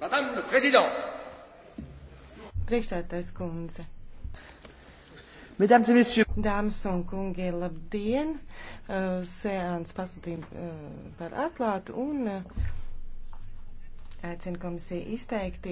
Madame le Président. Priekšsētais kundze. Mesdames et messieurs. Dāmas un kungi, labdien! Uh, Sēns pasūtīja uh, par atklātu un uh, aicinu komisiju izteikti.